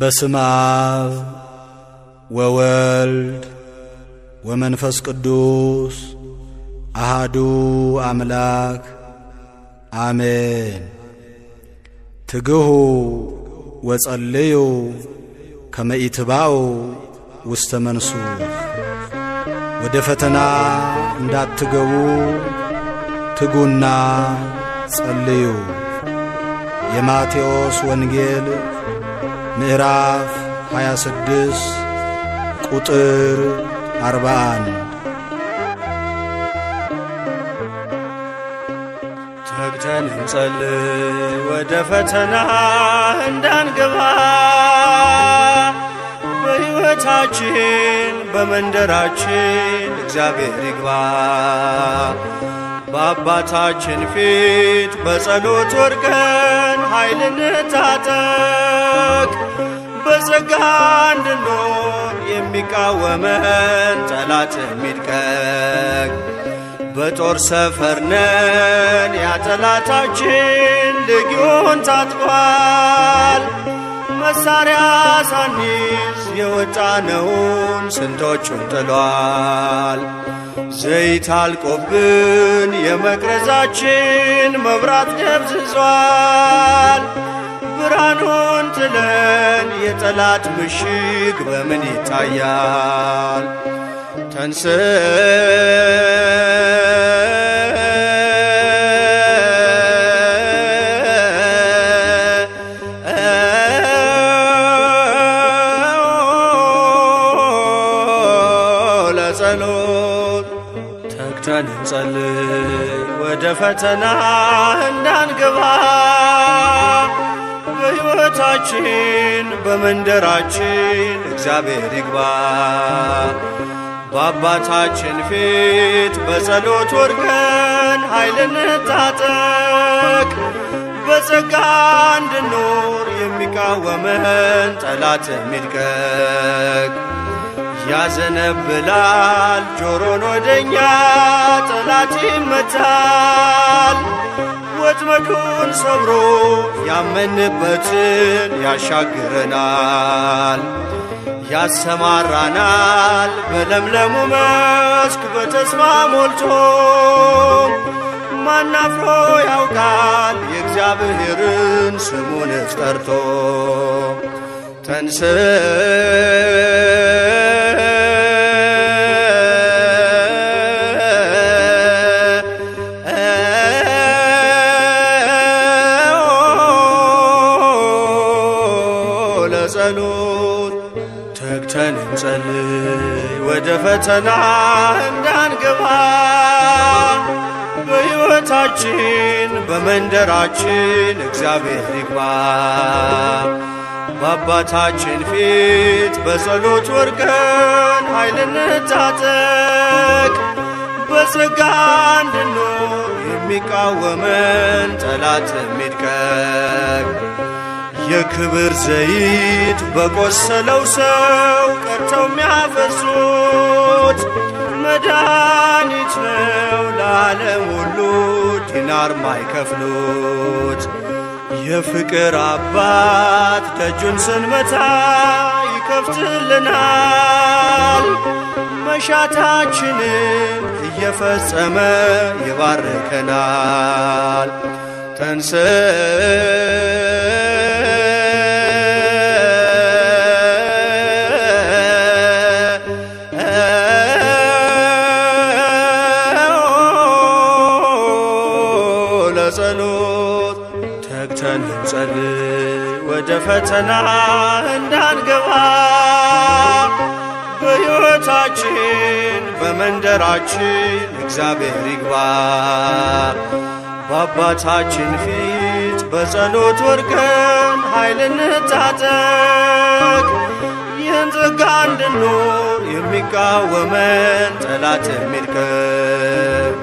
በስመ አብ ወወልድ ወመንፈስ ቅዱስ አሃዱ አምላክ አሜን። ትግሁ ወጸልዩ ከመኢትባኡ ውስተ መንሱ ወደ ፈተና እንዳትገቡ ትጉና ጸልዩ። የማቴዎስ ወንጌል ምዕራፍ 26 ቁጥር 41 ተግተን እንጸልይ ወደ ፈተና እንዳንገባ በሕይወታችን በመንደራችን እግዚአብሔር ይግባ። በአባታችን ፊት በጸሎት ወርቀን ኃይልን ታጠቅ በጸጋ እንድኖር የሚቃወመን ጠላት ሚድቀቅ በጦር ሰፈርነን ያጠላታችን ልጊዮን ታጥቋል። መሳሪያ ሳኒስ የወጣነውን ስንቶቹን ጥሏል። ዘይት አልቆብን የመቅረዛችን መብራት ደብዝዟል። ብርሃኑን ትለን የጠላት ምሽግ በምን ይታያል? ተንስ ለጸሎ ብለን እንጸልይ ወደ ፈተና እንዳንገባ በሕይወታችን በመንደራችን እግዚአብሔር ይግባ። በአባታችን ፊት በጸሎት ወርገን ኃይል እንታጠቅ፣ በጸጋ እንድኖር የሚቃወመን ጠላት የሚድቀቅ ያዘነብላል ጆሮን ወደኛ ጠላት ይመታል ወጥመዱን ሰብሮ ያመንበትን ያሻግረናል ያሰማራናል በለምለሙ መስክ በተስፋ ሞልቶ ማናፍሮ ያውቃል የእግዚአብሔርን ስሙን ጠርቶ ተንስ ፈተና እንዳንገባ በሕይወታችን በመንደራችን እግዚአብሔር ይግባ። በአባታችን ፊት በጸሎት ወርቀን ኃይል እንታጠቅ፣ በጸጋ እንድንኖር የሚቃወመን ጠላት የሚድቀቅ የክብር ዘይት በቆሰለው ሰው ቀርተው የሚያፈሱ መድኃኒት ነው ለዓለም ሁሉ ዲናር ማይከፍሉት የፍቅር አባት ደጁን ስንመታ ይከፍትልናል። መሻታችንን እየፈጸመ ይባርከናል። ተንሰ ወደ ፈተና እንዳንገባ በሕይወታችን በመንደራችን እግዚአብሔር ይግባ። በአባታችን ፊት በጸሎት ወርገን ኃይል እንታጠቅ። ይህን ጸጋ እንድኖር የሚቃወመን ጠላት የሚልከን